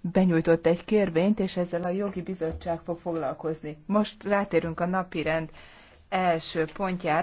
benyújtott egy kérvényt, és ezzel a jogi bizottság fog foglalkozni. Most rátérünk a napirend első pontjára.